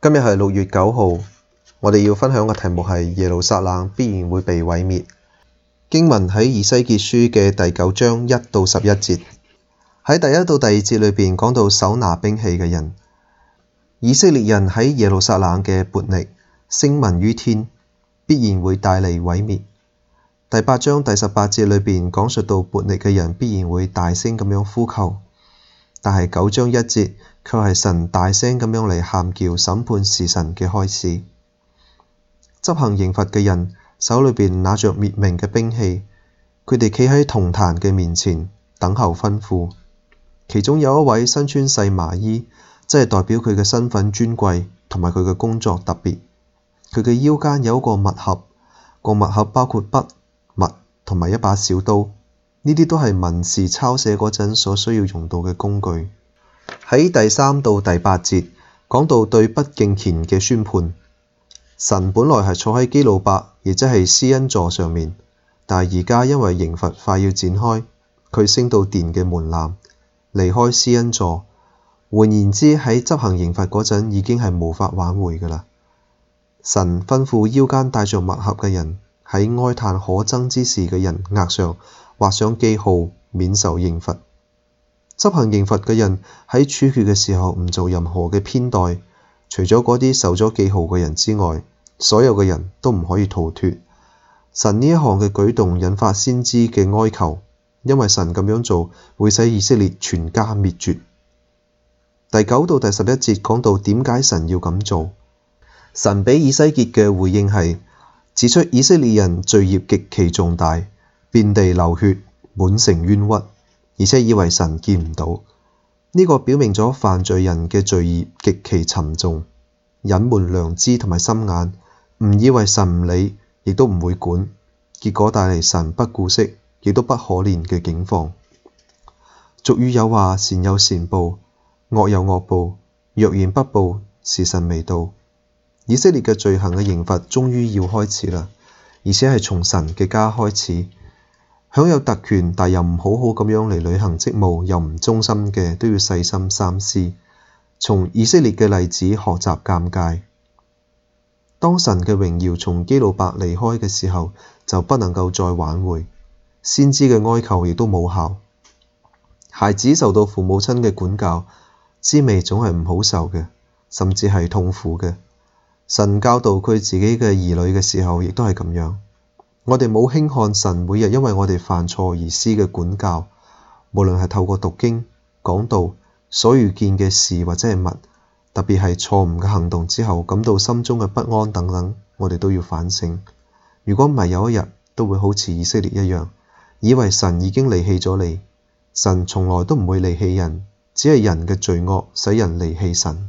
今日係六月九號，我哋要分享嘅題目係耶路撒冷必然會被毀滅。經文喺以西結書嘅第九章一到十一節，喺第一到第二節裏邊講到手拿兵器嘅人，以色列人喺耶路撒冷嘅叛逆，聲聞于天，必然會帶嚟毀滅。第八章第十八節裏邊講述到叛逆嘅人必然會大聲咁樣呼求，但係九章一節。卻係神大聲咁樣嚟喊叫，審判時辰嘅開始，執行刑罰嘅人手裏邊拿着滅命嘅兵器，佢哋企喺銅壇嘅面前等候吩咐。其中有一位身穿細麻衣，即係代表佢嘅身份尊貴同埋佢嘅工作特別。佢嘅腰間有一個墨盒，個墨盒包括筆、墨同埋一把小刀，呢啲都係文士抄寫嗰陣所需要用到嘅工具。喺第三到第八節講到對不敬虔嘅宣判，神本來係坐喺基路伯，亦即係施恩座上面，但而家因為刑罰快要展開，佢升到殿嘅門檻，離開施恩座。換言之，喺執行刑罰嗰陣，已經係無法挽回㗎喇。神吩咐腰間帶着墨盒嘅人，喺哀嘆可憎之事嘅人額上畫上記號，免受刑罰。執行刑罰嘅人喺處決嘅時候唔做任何嘅偏待，除咗嗰啲受咗記號嘅人之外，所有嘅人都唔可以逃脫。神呢一項嘅舉動引發先知嘅哀求，因為神咁樣做會使以色列全家滅絕。第九到第十一節講到點解神要咁做。神俾以西結嘅回應係指出以色列人罪孽極其重大，遍地流血，滿城冤屈。而且以為神見唔到，呢、這個表明咗犯罪人嘅罪孽極其沉重，隱瞞良知同埋心眼，唔以為神唔理，亦都唔會管，結果帶嚟神不顧惜，亦都不可憐嘅境況。俗語有話：善有善報，惡有惡報，若然不報，時辰未到。以色列嘅罪行嘅刑罰終於要開始啦，而且係從神嘅家開始。享有特權，但又唔好好咁樣嚟履行職務，又唔忠心嘅，都要細心三思。從以色列嘅例子學習、鑒戒。當神嘅榮耀從基路伯離開嘅時候，就不能夠再挽回，先知嘅哀求亦都冇效。孩子受到父母親嘅管教滋味總係唔好受嘅，甚至係痛苦嘅。神教導佢自己嘅兒女嘅時候，亦都係咁樣。我哋冇輕看神每日，因為我哋犯錯而施嘅管教，無論係透過讀經、講道所遇見嘅事或者係物，特別係錯誤嘅行動之後，感到心中嘅不安等等，我哋都要反省。如果唔係，有一日都會好似以色列一樣，以為神已經離棄咗你。神從來都唔會離棄人，只係人嘅罪惡使人離棄神。